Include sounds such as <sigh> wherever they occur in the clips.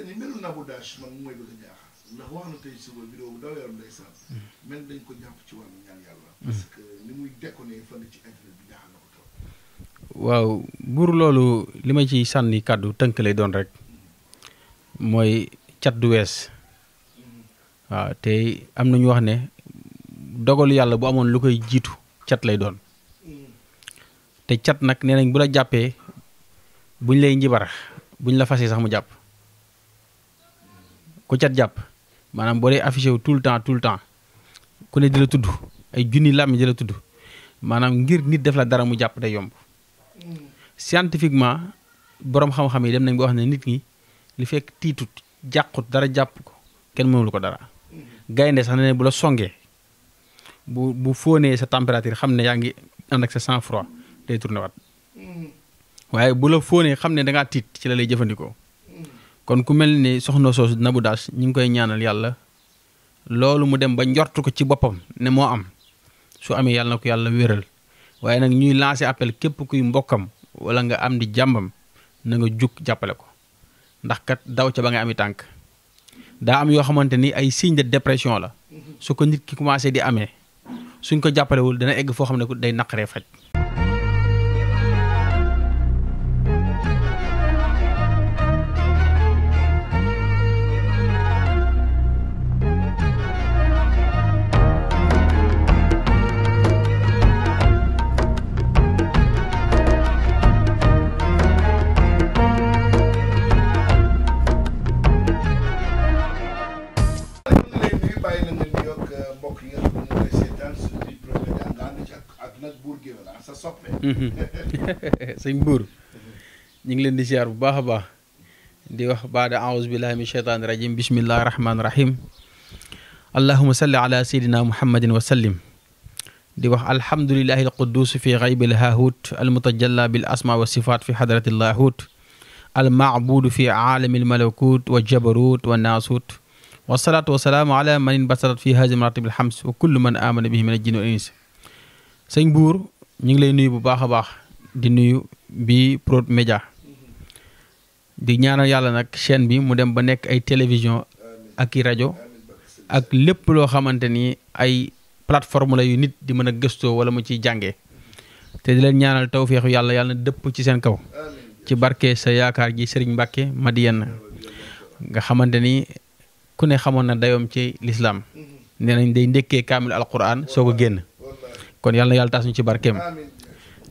ni melu mm. mm. waaw buur loolu li ma ciy sànni kàddu tënk lay doon rek mooy cat du wees mm-hmm. waaw te am na ñu wax ne dogalu yàlla bu amoon lu koy jiitu cat lay doon mm-hmm. te cat nag nee nañ bu la jàppee buñ lay njibarax buñ la fasee sax mu jàpp ku cat jàpp maanaam boo dee affiché wu tout le temps tout le temps ku ne di la tudd ay junni làmmi di la tudd maanaam ngir nit def la dara mu jàpp day yomb scientifiquement borom xam-xam yi dem nañ boo xam ne nit ñi li fekk tiitut jàqut dara jàpp ko kenn mënul ko dara. gaynde sax ne bu la songee bu bu fóonee sa température xam ne yaa ngi ànd ak sa sang froid day tourné waat mm-hmm. waaye bu la fóonee xam ne da ngaa tiit ci la lay jëfandikoo. kon ku mel ni soxna soosu Nabou Dash ñu ngi koy ñaanal yàlla loolu mu dem ba njortu ko ci boppam ne moo am su amee yàlla na ko yàlla wéral waaye nag ñuy lancer appel képp kuy mbokkam wala nga am di jàmbam na nga jug jàppale ko ndax kat daw ca ba nga ami tànk daa am yoo xamante ni ay signe de dépression la su ko nit ki commencé di amee suñ ko jàppalewul dana egg foo xam ne day naqaree faj <laughs> sëñ buur ñu ngi leen di ziar bu baax a baax di wax baada aawuzu billahi min sheytaani rajim bismillahi rahmaani rahim allahuma salli ala sayidina muhammadin wa sallim di wax alhamdulilahi alquddus fi xaybi alhaahut almutajalla bil asma wa sifaat fi xadrati llaahut almaabudu fi aalami almalakut wa jabarut wa naasut wasalaatu wasalaamu ala man inbasarat fi haasi maratib alxams wa kullu man amana bihi min aljin wa ins sëñ buur ñu ngi lay nuyu bu baax a baax di nuyu bi Prod Média di ñaanal yàlla nag chaîne bi mu dem ba nekk ay télévision ak i rajo ak lépp loo xamante ni ay plateforme la yu nit di mën a gëstoo wala mu ciy jànge te di leen ñaanal tawféexu yàlla yàlla na dëpp ci seen kaw ci barke sa yaakaar ji Serigne Mbacke Madiyana nga xamante ni ku ne xamoon na dayoom ci lislaam mm-hmm. nee nañ day ndekkee kaamil alquran soo ko génn kon yàlla yàlla taas ci barkeem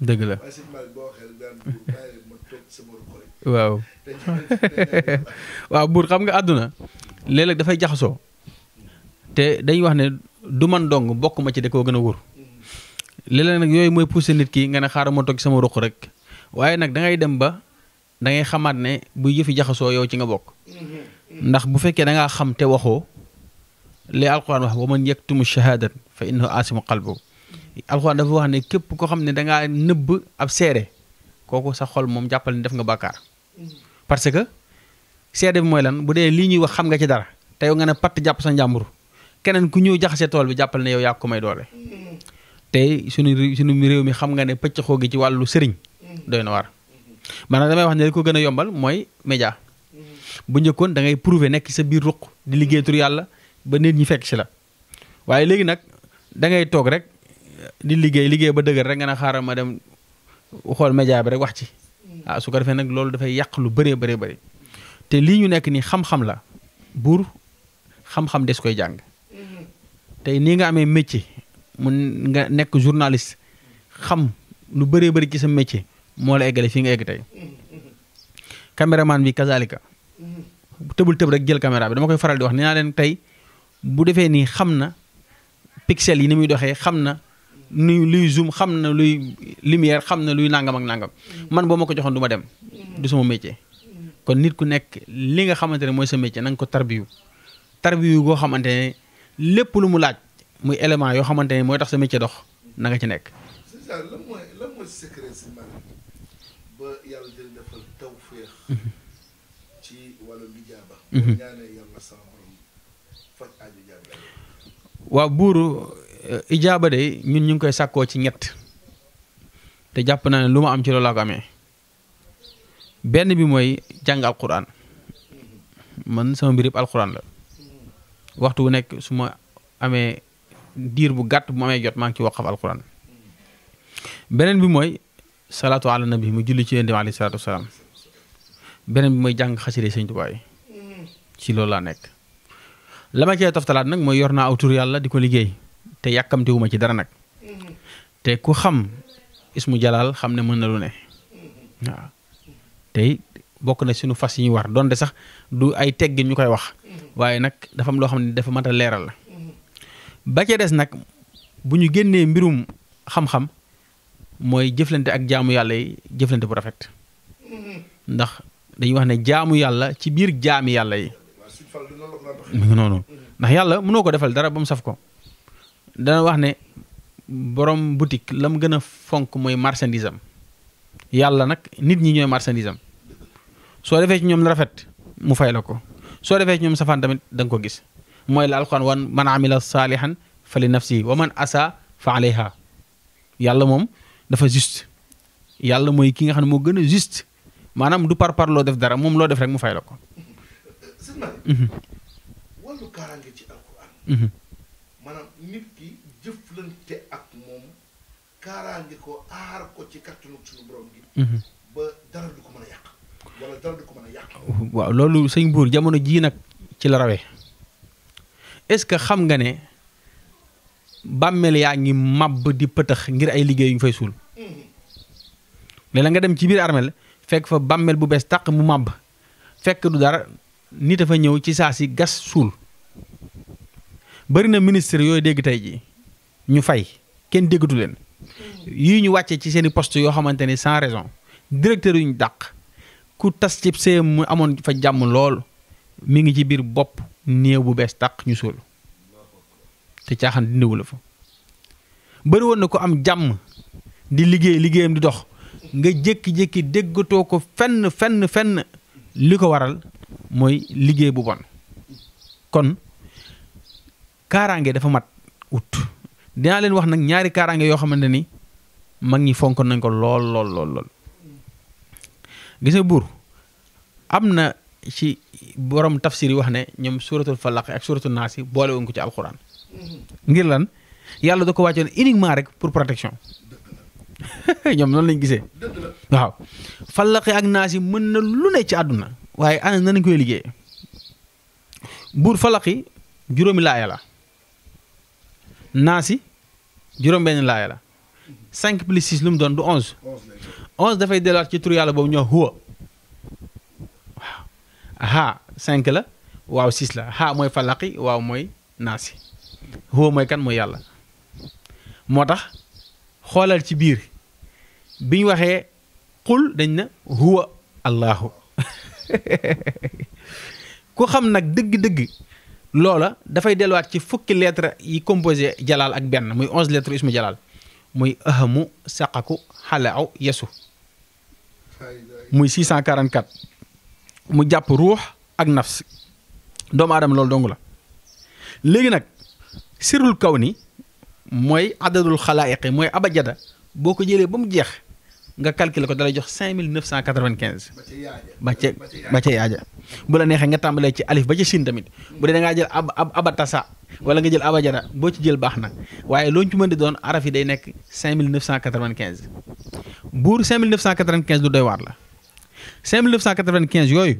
dëgg la waaw <laughs> waaw buur xam nga àdduna léeg dafay jaxasoo te dañuy wax ne du man dong bokk ma ci da koo gën a wóor mm-hmm. léeg nag yooyu mooy pousser nit ki nga ne xaaral ma toog sama ruq rek waaye nag da ngay dem ba dangay xamaat ne bu yëfi jaxasoo yow ci nga bokk mm-hmm. ndax bu fekkee dangaa ngaa xam te waxoo li alquran wax wa man yaktumu shahadat fa innahu asimu qalbu alxuraan dafa wax ne képp koo xam ne da ngaa nëbb ab seere kooku sa xol moom jàppal ne def nga bàkkaar parce que seede bi mooy lan bu dee lii ñuy wax xam nga ci dara te yow nga ne patt jàpp sa njàmbur keneen ku ñëw jaxase tool bi jàppal ne yow yaa ko may doole tey sunu sunu réew mi xam nga ne pëcc xoo gi ci wàllu sëriñ doy na war a damay wax ne li ko gën a yombal mooy média bu njëkkoon da ngay nekk sa biir ruq di liggéey yàlla ba nit ñi fekk si la di liggéey liggéey ba dëgër rek nga ne xaaral ma dem xool média bi rek wax ci mm. ah, su ko defee nag loolu dafay yàq lu bëree bëree bëri te lii ñu nekk nii xam-xam la buur xam-xam des koy jàng mm-hmm. tey nii nga amee métier mu nga nekk journaliste xam lu bëree bëri ci sa métier moo la eggale fii nga egg tey mm-hmm. caméraman bi kazalika mm-hmm. tëbul tëb rek jël caméra bi dama koy faral di wax nee naa leen tey bu defee nii xam na pixel yi ni muy doxee xam na nuy luy zoom xam na luy lumière xam na luy nangam ak nangam mm. man boo ma ko joxoon du dem mm. du sama métier mm. kon nit ku nekk li nga xamante ne mooy sa métier na ko tarbiyu tarbiyu goo xamante ne lépp lu mu laaj muy élément yoo xamante ne mooy tax sa métier dox na nga ci nekk. lan mooy mm-hmm. mm-hmm. buuru. Euh, ijaaba de ñun ñu ngi koy sàkkoo ci ñett te jàpp naa ne lu ma am ci loolu laa ko amee benn bi mooy jàng alquran man sama mbirib alquran la waxtu wu nekk su ma amee diir bu gàtt bu ma amee jot maa ngi ci waqaf alquran beneen bi mooy salaatu na bi mu julli ci yonent bi alayhi salaatu wasalaam beneen bi mooy jàng xasida Sëñ Tuubaa ci loolu laa nekk la ma cee toftalaat nag mooy yor naa aw tur yàlla di ko liggéey te yàkkamtiwuma ci dara nag te ku xam ismu jalaal xam ne mën na lu ne mm-hmm. waaw tey bokk na sunu fas yi ñu war doonte sax du ay teggin ñu koy wax mm-hmm. waaye nag dafam loo xam ne dafa mat leeral la mm-hmm. ba ca des nag bu ñu génnee mbirum xam-xam mooy jëflante ak jaamu yàlla yi jëflante bu rafet ndax dañuy wax ne jaamu yàlla ci biir jaami yàlla yi mu noonu ndax yàlla mënoo ko defal dara ba mu saf ko dana wax ne boroom boutique la mu gën a fonk mooy marchandise yàlla nag nit ñi ñooy marchandise soo defee ci ñoom la rafet mu fay la ko soo defee ci ñoom safaan tamit danga ko gis mooy la alquran wan man amila saalihan fale li si wa man asa fa alayha yàlla moom dafa juste yàlla mooy ki nga xam ne moo gën a juste maanaam du par par loo def dara moom loo def rek mu fay la ko. jëflante mhm. waaw loolu sëñ buur jamono jii nag ci la rawee est-ce que xam nga ne bàmmeel yaa ngi màbb di pëtëx ngir ay liggéey ñu fay suul. Mhm. léeg-léeg nga dem ci biir armeel fekk fa bàmmeel bu bees tàq mu màbb fekk du dara nit a fa ñëw ci saa si gas suul bari na ministre yooyu dégg tey jii. ñu fay kenn déggatu leen yii ñu wàccee ci seen i poste yoo xamante ni sans raison directeur yu ñu dàq ku tas ci see mu amoon fa jàmm lool mi ngi ci biir bopp néew bu bees tàq ñu suul te caaxaan dindiwu la fa bëri na ko am jàmm di liggéey liggéeyam di dox nga jékki-jékki déggatoo ko fenn fenn fenn li ko waral mooy liggéey bu bon kon kaaraange dafa mat ut dinaa leen wax nag ñaari kaaraange yoo xamante ni mag ñi fonk nañ ko lool lool lool lool buur am na ci borom tafsir yi wax ne ñoom suratul falaq ak suratul naas boole woon ko ci alxuraan mm-hmm. ngir lan yàlla da ko wàccoon uniquement rek pour protection <laughs> ñoom noonu lañ gisee waaw falaq ak naas mën na lu ne ci àdduna waaye ana nañ koy liggéey buur falaq yi juróomi laaya la naasi juróom-benn laaya la 5 plus 6 lu mu doon du 11. 11 dafay delluwaat ci tur yàlla boobu ñoo huwa waaw aha la waaw 6 la ha mooy falaqi waaw mooy naasi huwa mooy kan mooy yàlla moo tax xoolal ci biir bi ñu waxee xul dañ na huwa allahu <laughs> ku xam nag dëgg-dëgg. loola dafay delluwaat ci fukki lettre yi composé jalaal ak benn muy onze lettres ismu jalaal muy ahamu saqaku xalaaw yesu muy 644 mu jàpp ruux ak nafs doomu aadama loolu dong la léegi nag sirul kaw ni mooy adadul xalaayiqi mooy abajada boo ko jëlee ba mu jeex nga calculer ko dalay jox cinq mille neuf cent quatre-vingt-quinze ba ca ba ca yaaja bu la neexee nga tàmbalee ci alif ba ca sin tamit bu dee da ngaa jël ab ab abatasa wala nga jël abajada boo ci jël baax na waaye looñu ci mën di doon araf yi day nekk cinq mille neuf cent quatre-vingt-quinze buur cinq mille neuf cent quatre-vingt-quinze lu doy waar la cinq mille neuf cent quatre-vingt-quinze yooyu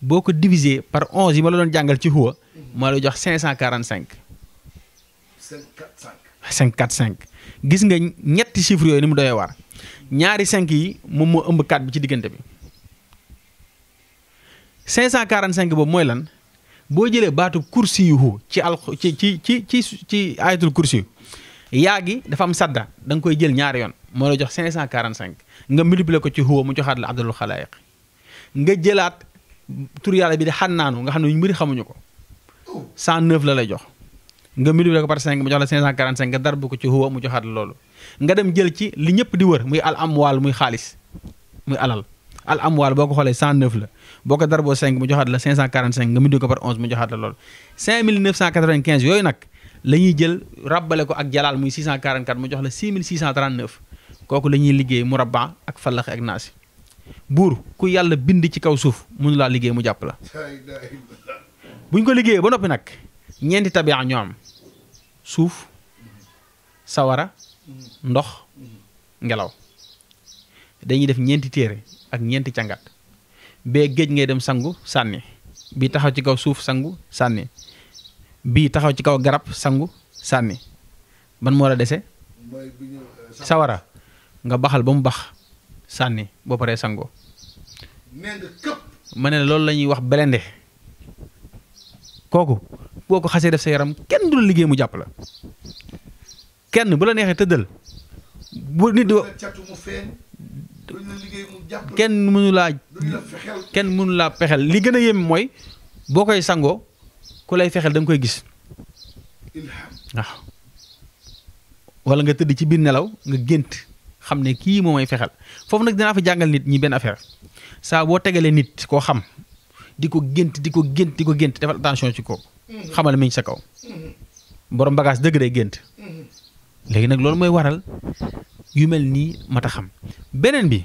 boo ko divisé par onze yi ma la doon jàngal ci huwa moo lay jox cinq cent quarante-cinq cinq quatre cinq gis nga ñetti chiffres yooyu ni mu doyee waar ñaari cinq yi moom moo ëmb quatre bi ci diggante bi cinq cent quarante cinq boobu mooy lan boo jëlee baatu kursi ci al ci ci ci ci ci ayatul kursi yu yaa gi dafa am sadda da nga koy jël ñaari yoon moo la jox cinq cent quarante cinq nga ko ci huwa mu joxaat la abdalul xalaayiq nga jëlaat tur yàlla bi di xannaanu nga xam ne ñu mbiri xamuñu ko cent neuf la lay jox nga multiplier ko par cinq mu jox la cinq cent quarante cinq nga darbu ko ci huwa mu joxaat la loolu nga dem jël ci li ñëpp di wër muy al amwaal muy xaalis muy alal al amwaal boo ko xoolee 109 la boo ko darboo 5 mu joxaat la 545 nga multiplié ko par 11 mu joxaat la loolu 5995 yooyu nag la ñuy jël rabbale ko ak jalaal muy 644 mu jox la 6639 kooku la ñuy liggéey mu rabba ak fallaxe ak naasi buur ku yàlla bind ci kaw suuf mënu laa liggéey mu jàpp la buñ ko liggéeyee ba noppi nag ñeenti tabia ñoo am suuf sawara ndox ngelaw dañuy def ñeenti téere ak ñeenti càngat bee géej ngay dem sangu sànni bii taxaw ci kaw suuf sangu sànni bii taxaw ci kaw garab sangu sànni ban moo la dese euh, sawara nga baxal ba mu bax sànni boo paree sangoo ma ne loolu la ñuy wax belende kooku boo ko xasee def sa yaram kenn du la liggéey mu jàpp la kenn bu la neexee tëddal bu nit kenn mënu laa kenn mënu laa pexel li gën a yem mooy boo koy sangoo ku lay fexel da koy gis waaw wala nga tëdd ci biir nelaw nga gént xam ne kii moo may fexel foofu nag dinaa fa jàngal nit ñi benn affaire saa boo tegalee nit koo xam di ko gént di ko gént di ko gént defal attention ci ko mm-hmm. xamal mi ngi sa kaw mm-hmm. borom bagage dëgg day gént mm-hmm. léegi nag loolu mooy waral yu mel nii mat a xam beneen bi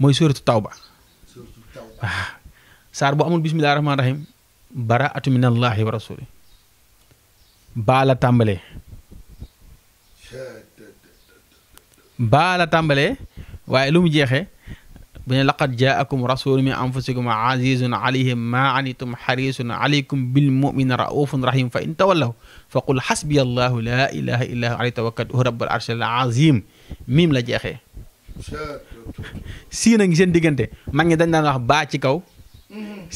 mooy suratu tawba waaw saar bu amul bisimilah rahmaani rahim bara atu minallahi wa rasuli baala tàmbalee baala tàmbalee waaye lu mu jeexee bu ne laqad jaakum rasulun min anfusikum azizun alayhim ma anitum xarisun alaykum bil mu'mina raufun rahim fa in tawallaw fa qul xasbiya allahu la ilaha illa hu alayhi tawakkaltu rabbul arshil azim miim la jeexee siin a ngi seen diggante mag ñi dañ daan wax baa ci kaw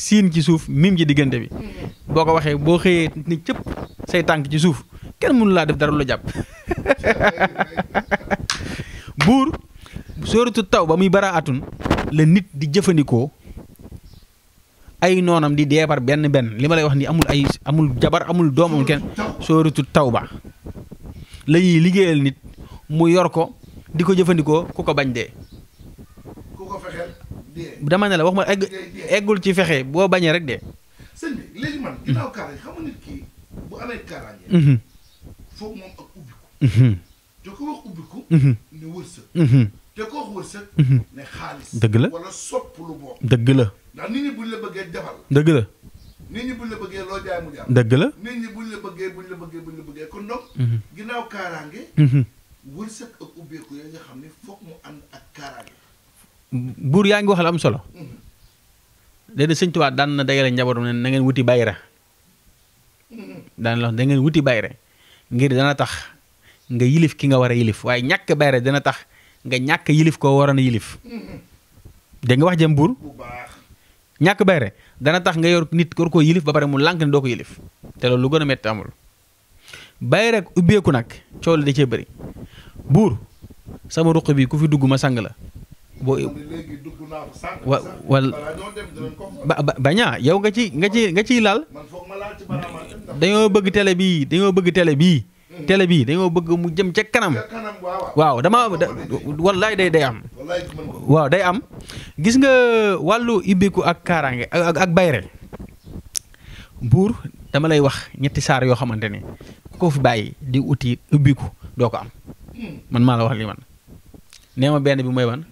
siin ci suuf miim ci diggante bi boo ko waxee boo xëyee ni cëpp say tànk ci suuf kenn mënu laa def dara lu jàpp <laughs> buur sóoratu taw ba muy baraatun la nit di jëfandikoo ay noonam di deebar benn benn li ma lay wax ni amul ay amul jabar amul doom amul kenn sóoratu taw ba la liggéeyal nit mu yor ko di ko jëfandikoo ku ko bañ de ku ko dama ne la wax ma egg eggul ci fexe boo bañee rek dee. Mhm. dëgg la wala dëgg la ndax dëgg la. dëgg la nit ñi buñ la bëggee mhm. buur yaa ngi wax la am solo. Mhm. léegi sëñ Tuubaa daan na dajale njabootam ne na ngeen wuti bayra daan la wax da ngeen wuti bayra ngir dana tax nga yilif ki nga war a yilif waaye ñàkk bayra dana tax. nga ñàkk yilif koo waroon a yilif dégg wax jëm buur ñàkk bayre dana tax nga yor nit war koo yilif ba pare mu lànk ne doo ko yilif te loolu gën a métti amul bayre ak ubbeeku nag coow li da cee buur sama ruq bi ku fi dugg ma sang la boo wa wal ba bañaa yow nga ci nga ci nga ciy laal dañoo bëgg télé bii dañoo bëgg télé bii télé bii dañoo bëgg mu jëm ca kanam waaw dama wallaay day day am waaw day am gis nga wàllu ibbiku ak kaaraange ak ak bayre buur dama lay wax ñetti saar yoo xamante ne ku ko fi bàyyi di uti ubbiku doo ko am hmm. man maa la wax li man nee ma benn bi mooy ban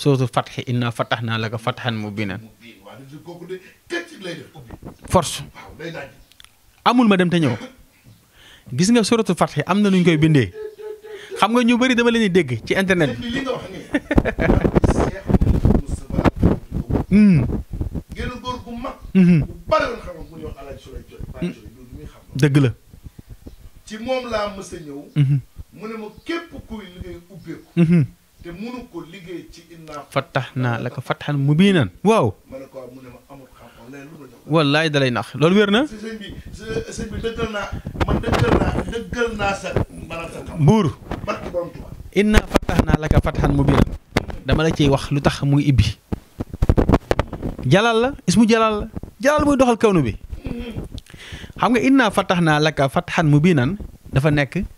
soosu fatxi inna fataxnaa laka fatxan mubiinan force amul ma dem te ñëw <laughs> gis nga suratul Fath am na nuñ koy bindee xam nga ñu bëri dama leen dégg ci internet bi. génn <laughs> hmm. góor hmm. hmm. dëgg la. ci moom laa mës a ñëw. mu ne ma képp kuy liggéey ubbeeku. te munu ko liggéey ci naan fattax waaw. wallaay dalay nax loolu wér na. sëñ bi sëñ bi naa man dëggal naa dëggal naa sa maanaam sa xam. dama la ciy wax lu tax mu ibbi. jalal la mu jalal la jalal muy doxal kawnu bi xam nga naa naa fattax inna fatahnaa laka bii mubiinan dafa nekk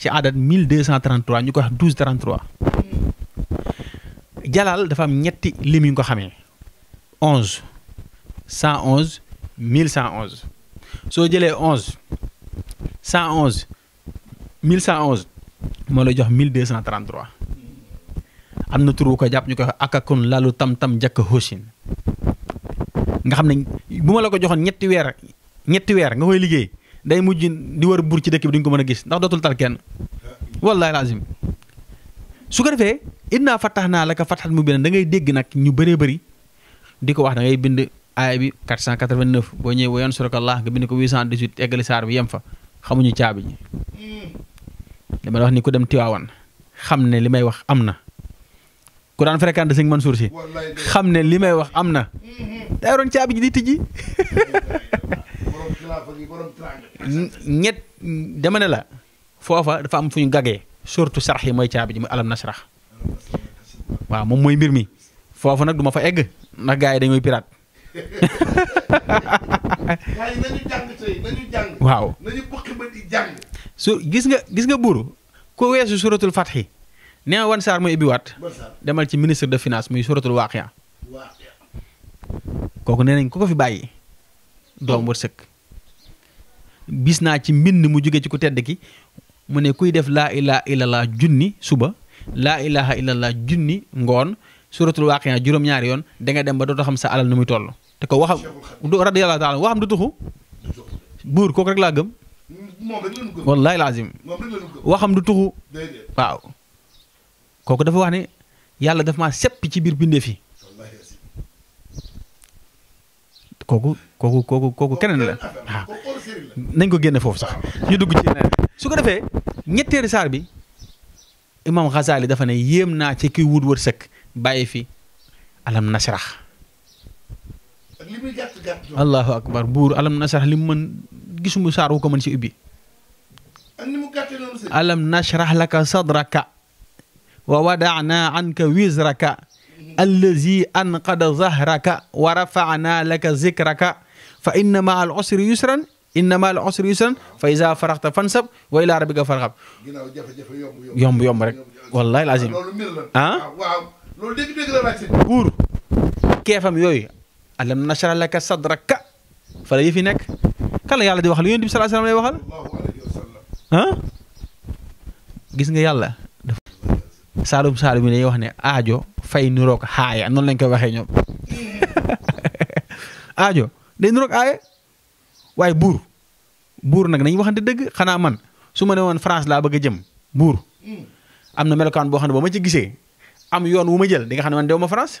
ci adat 1233 ñu ko wax 1233. jalal dafa am ñetti lim yu ñu ko xamee 11. 111 1111 soo jëlee onze mille 111 1111 moo la jox 1233 am na turu ko jàpp ñu ko wax akakun lalu tam-tam jakk hosin nga xam ne bu ma la ko joxoon ñetti weer ñetti weer nga koy liggéey day mujj di war buur ci dëkk bi duñ ko mën a gis ndax dootul tal kenn wallahi lazim su ko defee naa fattax naa la ka fataxat mu bind da ngay dégg nag ñu bëree bari di ko wax da ngay bind aaya bi 489 boo ñëwee wa yansurakallaah nga bind ko 818 eggali saar bi yem fa xamuñu caabi ji dama wax ni ku dem Tiwaawan xam ne li may wax am na ku daan fréquenté sëñ Mansour si xam ne li may wax am na daa yoroon caabi ji di tijji ne la foofa dafa am fu ñu gagee surtout sarax yi mooy caabi ji muy alam nasrax waaw moom mooy mbir mi foofu nag du fa egg ndax gars yi dañooy pirate waaye waaw su gis nga gis nga buuru ko weesu suratul fatxi nee na wan saar mooy demal ci ministre de finance muy suratul waaqia kooku nee nañ ku ko fi bàyyi doom wërsëg bis naa ci mbind mu jóge ci ku tedd ki mu ne kuy def laa ilaha illallah junni suba laa ilaha illallah junni ngoon suratul waaqia juróom-ñaari yoon da dem ba dootoo xam sa alal nu muy toll te ko waxam radiyallahu taala waxam du tuxu buur kooku rek laa gëm. wallaay laazim waxam du tuxu waaw kooku dafa wax ne yàlla daf ma sepp ci biir bindee fi kooku kooku kooku kooku keneen la nañ ko génne foofu sax ñu dugg ci yeneen su ko defee ñetteeri saar bi imam Ghazali dafa ne yéem naa ci kiy wut wërsëg bàyyi fi alam nasrax li muy gàtt gàtt. allahu akbar buur alam nasrah li mu mën gisuma saar wu ko mën si ubbi. ak ni mu gàttee noonu sëñ alam nashrah laka sadraka wa wadaana anka wizraka allazi anqada zahraka wa rafaana laka zikraka fa inna ma al usri yusran inna ma al usri yusran fa iza faraxta fansab wa ila rabbika farxab yomb yomb rek wallahi lazim ah, ah buur keefam yooyu alam nashrah laka sadraka fa la yëfi nekk kan la yàlla di waxal yonent bi sallallahu alayhi wa sallam nga yàlla dafa saalum saalum yi dañuy wax ne aajo fay nuroog xaaya noonu lañ koy waxee ñoom <laughs> aajo day nuroog aaya waaye buur buur nag dañuy waxante dëgg xanaa man su ma ne woon France laa bëgg a jëm buur hmm. am na melokaan boo xam ne ba ma ci gisee am yoon wu ma jël di nga xam ne man dew ma France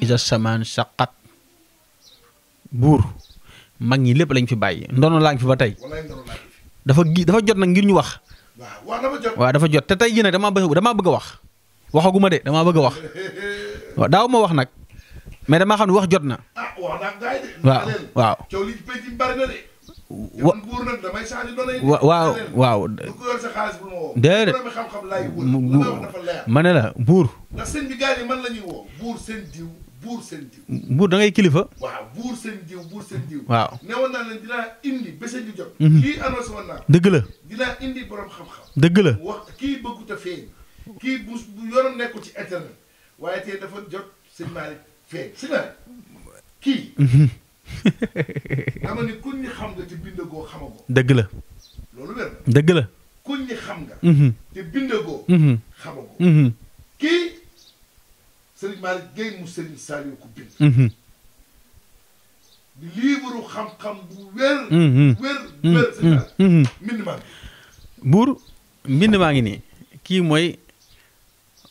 isa samaan saqat buur mag ñi lépp lañ fi bàyyi ndono laa fi ba tey dafa gi dafa jot nag ngir ñu wax waaw dafa jot te tey jii nag damaa bëgg wax waxaguma de dama bëgg a wax <laughs> waaw daaw ma wax nag mais damaa xam ne wax jot na ah, waaw waaw wa waaw waaw buur buur seen jiw. buur da ngay kilifa. seen jiw buur seen jiw. waaw newoon naa leen dinaa indi bese ju jot. Mhm. kii annoncé woon naa. dëgg la dinaa indi borom xam-xam. la wax kii bëggut a feeñ. kii bu bu yoonam nekkul ci internet waaye tey dafa jot sëñ Malick feeñ si na kii. Mhm. <laughs> dama ni kuñ xam nga dëgg la. loolu wér. dëgg la. kuñ ñi xam nga. te bindagoo. xamagoo. Mhm. kii. Serigne mhm. mhm. Mhm. mbind maa ngi. buur mbind maa ngi nii kii mooy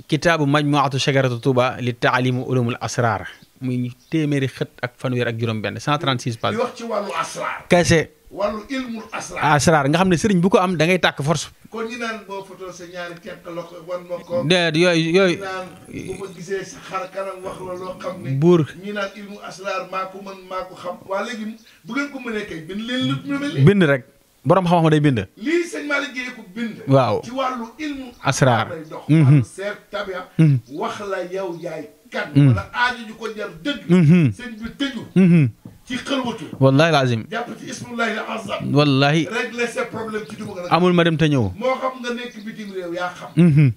kitaabu majmuatu shajaratu Touba li taalimu ulumul asrar muy téeméeri xët ak fanweer ak juróom-benn 136 pages. di wax ci wàllu asrar. kese. wàllu ilmul asraar asraar nga xam ne sëriñ bu ko am da ngay tàkk force. kon ñu naan boo foto sa buur ñu naan asraar maa ko mën maa ko xam. waa léegi bu ko mënee kay bind leen lu bind rek borom xam-xam day bind. lii sëñ Malick Guèye ko bind. waaw ci wàllu ilmu. asraar mm-hmm. mm-hmm. wax la yow yaay kan. Mm-hmm. wala aaju ko jar dëgg. sëñ bi tëju. ci wallaahi laazim wallaahi amul ma dem te ñëw mhm.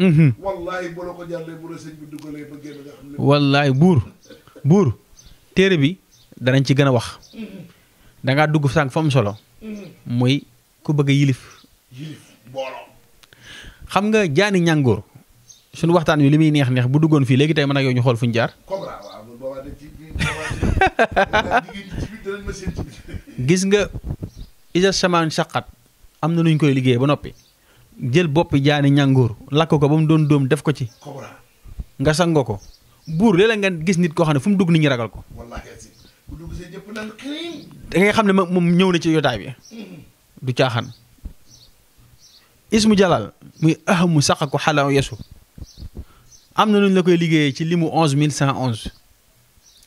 mhm. wallaahi buur buur téere bi danañ ci gën a wax mhm. dangaa dugg sànq fa am solo muy ku bëgg a yilif xam nga jaani ñàngoor suñu waxtaan wi li muy neex neex bu duggoon fii léegi tey mën ak yow ñu xool fu ñu jaar gis nga isa samaan saqat am na nu koy liggéey ba noppi jël boppi jaani ñàngoor lakk ko ba mu doon dóom def ko ci nga sangoo ko buur léeg-léeg nga gis nit koo xam ne fu mu dugg nit ñi ragal ko da ngay xam ne moom ñëw na ci yotaay bi du caaxaan ismu jalal muy ahamu ko xala yesu am na lu la koy liggéeye ci limu onze mil cent onze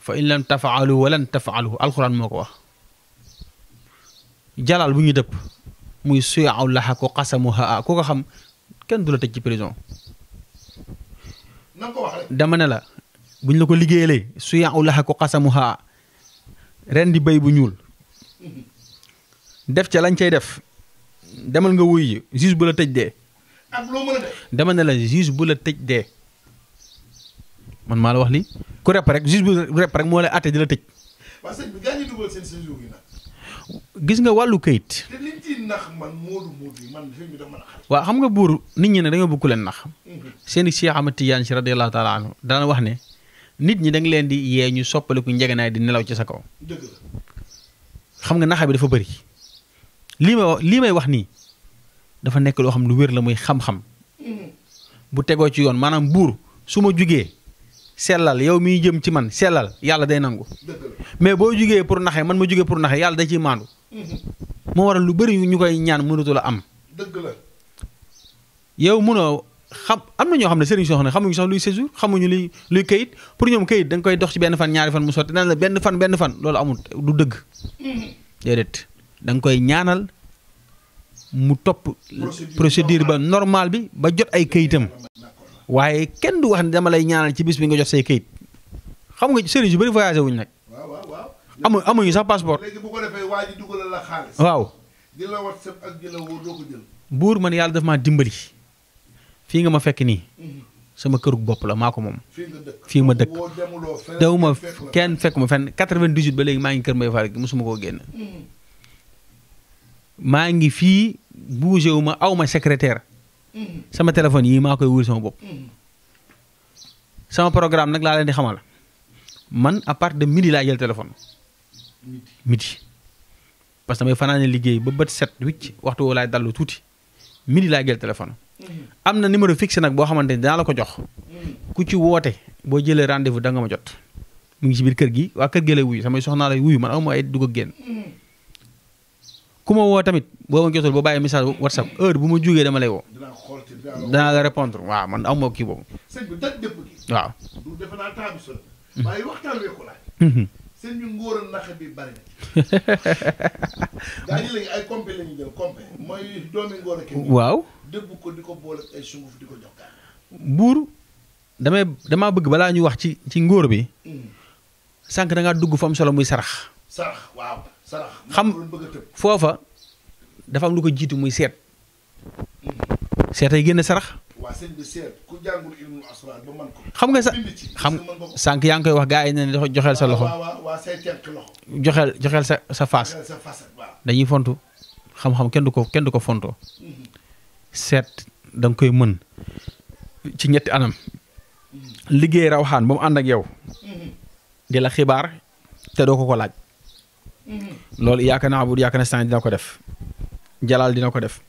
fa in lam tafaalu walan tafaalu alxuraan moo ko wax jalaal bu ñu dëpp muy suyaaw laxa ko xasamuha ku ko xam kenn du la tëj ci prison dama ne la bu ñu la ko liggéeyalee suyaaw laxa ko xasamuha ren di béy bu ñuul def ca lañ cay def demal nga wuy ji juge bu la tëj dee dama ne la juge bu la tëj dee man maa la wax lii ku rep rek juge bu moo lay àtte di la tëj. gis nga wàllu kayit. te xam. nga buur nit ñi ne da nga bëgg ku leen nax. Mhm. seen i Cheikh Ahmad Tidiane si radiyallahu taala daan wax ne nit ñi da leen di yee ñu soppaliku njëgënaay di nelaw ci sa kaw. xam nga naxa bi dafa bari lii may lii may wax nii dafa nekk loo xam lu wér la muy xam-xam mhm. bu tegoo ci yoon maanaam buur su ma jugee sellal yow miy jëm ci man sellal yàlla day nangu mais boo jugee pour naxe man ma jugee pour naxe yàlla day ciy maandu moo waral lu bëri ñu koy ñaan mënatu la am dëgg la mënoo xam am na ñoo xam ne sëriñ soo ne xamuñu sax luy séjour xamuñu luy luy kayit pour ñoom kayit danga koy dox ci benn fan ñaari fan mu sotti naan la benn fan benn fan loolu amul du dëgg mm-hmm. déedéet da nga koy ñaanal mu topp procédure ba normal bi ba jot ay kayitam waaye kenn du wax ne dama lay ñaanal ci bis bi nga jot say kayit xam nga sëriñ yu bëri voyagé wuñ nag. waaw waaw amu amuñu sax passeport. waaw. di la whatsapp man yàlla dafa ma dimbali fii nga ma fekk nii. Mhm. sama kërug bopp la maa ko moom. fii ma dëkk daw ma kenn fekk ma fenn 98 ba léegi maa ngi kër may Fall gi mosuma koo génn. Mhm. maa ngi fii bougé wu ma aw ma secrétaire. Mm-hmm. sama téléphone yii maa koy wuur sama bopp. Mm-hmm. sama programme nag laa leen di xamal man à part de midi laa jël téléphone. midi parce que damay fanaane liggéey ba bët set wicc waxtu woo laay dallu tuuti midi laa jël téléphone. Mm-hmm. am na numéro fixe nag boo xamante ni dinaa la ko jox. ku ci woote boo jëlee rendez-vous da ma jot. mu ngi ci biir kër gi waa kër gi lay wuyu samay soxnaa lay wuyu man amuma ay dugg génn. ku ma woo tamit boo ma jotul boo bàyyi message whatsapp bu ma jugee dama lay woo. danaa la répondre waaw man aw kii boobu. sëñ bi daj dëpp gi. waaw. du defe naa temps bi waaye waxtaan wi ko mhm. a nax bi <laughs> ngóor waaw dëbb di ko jox buur damay damaa bëgg balaa ñu wax ci ci ngóor bi. Mhm. sànq da dugg fa am solo muy sarax. sarax waaw sarax. xam foofa dafa am lu ko jiitu muy seet. seet ay génne sarax. xam nga sa xam sànq yaa ngi koy wax gaa yi ne joxeel sa loxo. joxeel joxeel sa sa faas. dañuy fontu xam-xam kenn du ko kenn du ko fontoo. Mm-hmm. seet danga koy mën ci ñetti anam. Mm-hmm. liggéey rawxaan ba mu ànd ak yow. Mm-hmm. di la xibaar te doo ko ko laaj. loolu yaakaar naa bu yaakaar naa dina ko def. Jalaal dina ko def.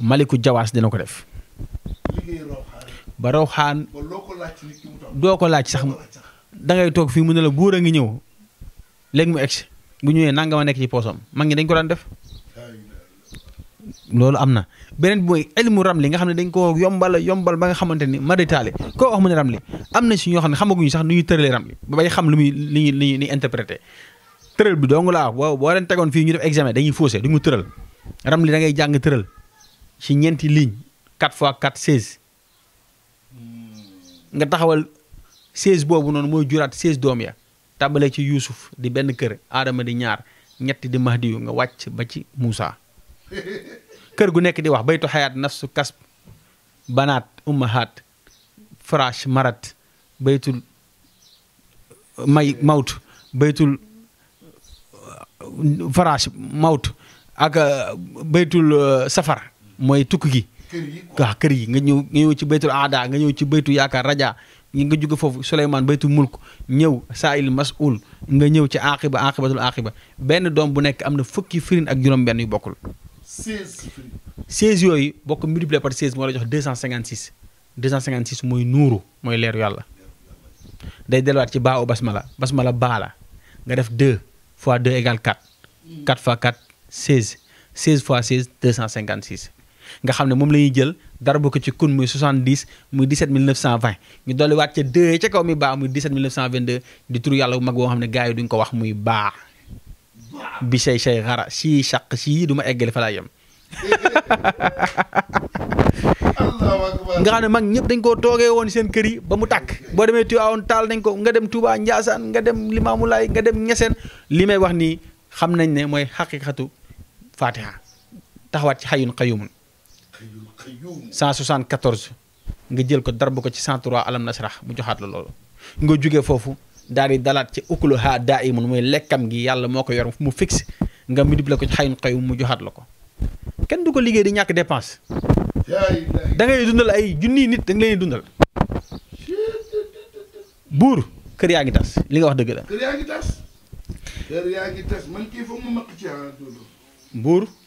maliku jawaas dina ko def ba raw xaan doo ko laaj sax dangay toog fii mu ne la buur a ngi ñëw léegi mu egsi bu ñëwee nangama nekk ci poosam mag ñi dañ ko daan def loolu am na beneen bi mooy ilmu ramli nga xam ne dañ koo yombal a yombal ba nga xamante ni maritaale koo wax mu ne ramli am na si ñoo xam ne xamaguñu sax nu ñuy tëralee ramli ba bay xam lu muy li ñuy li ñuy interprété tëral bi dong laa wax boo boo leen tegoon fii ñu def examen dañuy faussé du ñu tëral ramli da ngay jàng tëral ci ñeenti ligne quatre fois quatre seize nga taxawal seize boobu noonu mooy juraat seize doom ya tàmbalee ci Yuusuf di benn kër Aadama di ñaar ñetti di Mahdiyu nga wàcc ba ci Muusa kër gu nekk di wax baytu xayaat nafsu kasb banaat ummahaat farash marat baytul may mawt baytul farash mawt ak baytul euh, safar mooy tukki gi. waaw kër yi nga ñëw nga ñëw ci baytul aada nga ñëw ci baytu yaakaar raja nga jóge foofu Souleymane baytul mulk ñëw saail masul nga ñëw ci aaxiba aaxibatul aaxiba benn doom bu nekk am na fukki firin ak juróom-benn yu bokkul. 16 firin. 16 yooyu bokk multiplié par 16 moo la jox 256 256 mooy nuuru mooy leeru yàlla. day delluwaat ci baa bas ma u basmala basmala baa la nga def 2 fois 2 égale 4. 4 hmm. fois 4 16 16 fois 16 256. nga xam ne moom la ñuy jël dara bu ko ci kun muy 70 muy 17 920 ñu dolliwaat ca 2 ca kaw mi baa muy 17 922 di turu yàlla bu mag boo xam ne gars duñ ko wax muy baa bi say say xara si saq si du ma eggale fa laay yem nga xam ne mag ñëpp dañ koo toogee woon seen kër yi ba mu tàkk boo demee Tiwaawoon taal nañ ko nga dem Touba Ndiassane nga dem Limamoulaye nga dem Niassène li may wax nii xam nañ ne mooy xaqiqatu Fatiha taxawaat ci xayun xayumun 174 nga jël ko darbu ko ci 103 alam nasrah mu joxaat la loolu nga jógee foofu daal di dalaat ci ukuluha daa imun mooy lekkam gi yàlla moo ko yor mu fixe nga mu multiplié ko ci xayun xayum mu joxaat la ko kenn du ko liggéey di ñàkk dépense da ngay dundal ay junniy nit da nga leen dundal buur kër yaa ngi tas li nga wax dëgg la. kër yaa buur.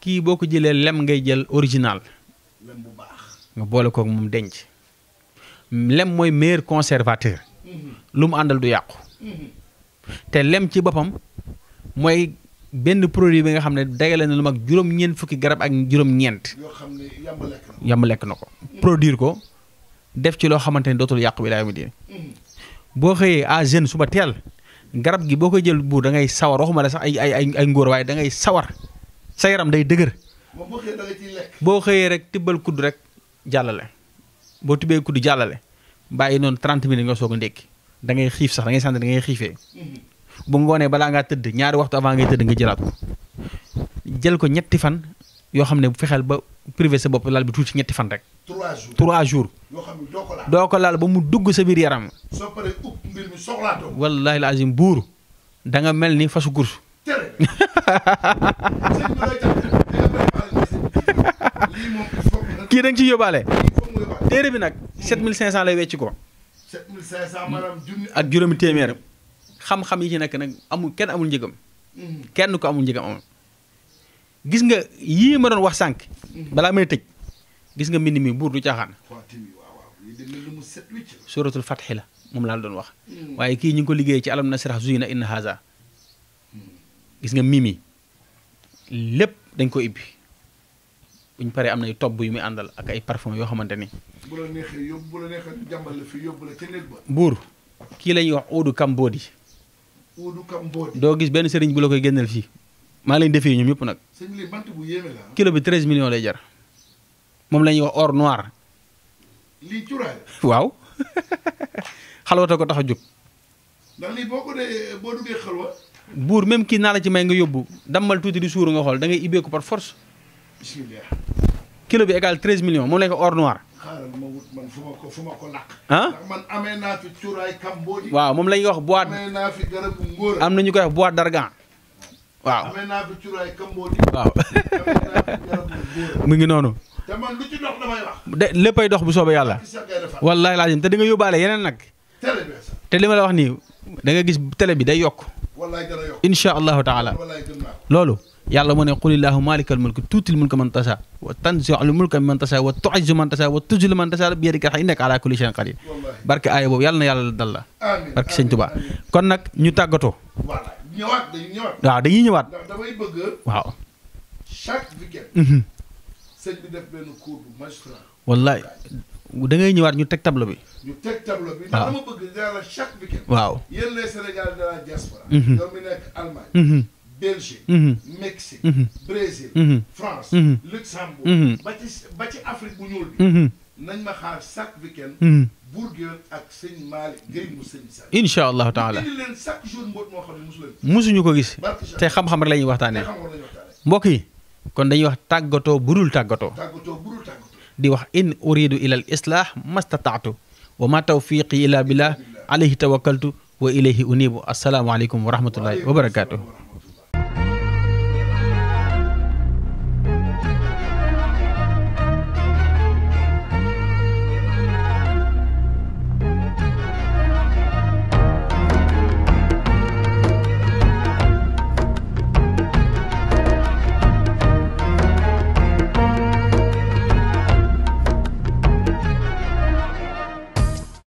kii boo ko jëlee lem ngay jël original nga boole kook moom denc lem mooy meilleur conservateur mm-hmm. lu mu àndal du yàqu mm-hmm. te lem ci boppam mooy benn produit bi nga xam ne dagale na lu mag juróom-ñeent fukki garab ak juróom-ñeent yàmb lekk na ko mm-hmm. produire ko def ci loo xamante ne dootul yàqu bi laay mu diine boo xëyee à jeune suba teel garab gi boo ko jël buur da ngay sawar waxuma la sax ay ay ay ngóor waaye da sawar sa yaram day dëgër. boo xëyee rek tibbal kudd rek jàllale boo tibbee kudd jàllale bàyyi noonu 30 minutes nga soog a ndékki da xiif sax da ngay sant da ngay xiifee. Mhm. bu ngoonee balaa ngaa tëdd ñaari waxtu avant ngay tëdd nga jëlaat ko jël ko ñetti fan yoo xam ne bu fexeel ba privé sa bopp lal bi tuuti ñetti fan rek. trois jours trois jours. doo ko laal ba mu dugg sa biir yaram. soo paree upp mbir wallaahi la buur da nga mel ni fasu gursu. <laughs> <laughs> kii da ci ciy yóbbaale. téere bi nag 7500 lay wecc ko. 7500 maanaam ak juróomi téeméer xam-xam yi ci nekk nag amul kenn amul njëgam. Mhm. kenn ko amul njëgam amul. gis nga yii ma doon wax sànq. Mhm. balaa may tëj gis nga mbind mi buur du caaxaan. suratul fatxi la moom laa doon wax. Mhm. waaye kii ñu ngi ko liggéey ci alam nasrah zuyna inna haza gis nga mimi lépp dañ ko ibbi buñ paree am na ay tobb yu muy àndal ak ay parfum yoo xamante ni. bu bu la buur kii la ñuy wax Odu Kambodi. Odu Kambodi. doo gis benn sëriñ bu la koy génneel fii maa leen defee ñoom yëpp nag. sëñ kilo bi treize millions lay jar moom lañuy ñuy wax or noir. waaw <laughs> xalwata ko tax a jóg. buur même kii naa la ci may nga yóbbu dammal tuuti di suuru nga xool da ngay ibbeeku par force. kilo bi égal 13 millions moom lañ ko or noir. xaaral ma wut man waaw moom la wax boîte amee am na ñu koy wax boîte d'argan waaw amee naa fi <laughs> mu ngi noonu. te dox de léppay dox bu soobee yàlla. wallaahi laajim te di nga yóbbaale yeneen nag. te li ma la wax nii. da nga gis télé bi day yokk insha allahu taala loolu yàlla moo ne qulillahu malikal mulk tuutil mulka man tasa wa tanziul mulka man tasa wa tuizzu man tasa wa tuzillu man tasa bi yadika xay innaka ala kulli shay'in qadir barke aaya boobu yàlla na yàlla dal la barke sëñ Tuubaa kon nag ñu tàggatoo ñëwaat dañuy ñëwaat waaw dañuy ñëwaat ndax damay bëgg waaw chaque weekend mhm. sëñ bi def benn cours magistral wallaay da ngay ñëwaat ñu teg tableau bi. ñu teg tableau bi. waaw dama de la diaspora. ñoom mhm. mhm. mhm. ba ci ba ci Afrique bu ñuul bi. nañ mosuñu ko gis. te xam-xam rek la waxtaanee. mbokk yi kon dañuy wax tàggatoo bu tàggatoo. tàggatoo. di wax in uridu ila al islah mastataatu wa ma tawfiqi ila billah alayhi tawakkaltu wa ilayhi unibu asalaamaaleykum wa rahmatullahi wa barakaatu.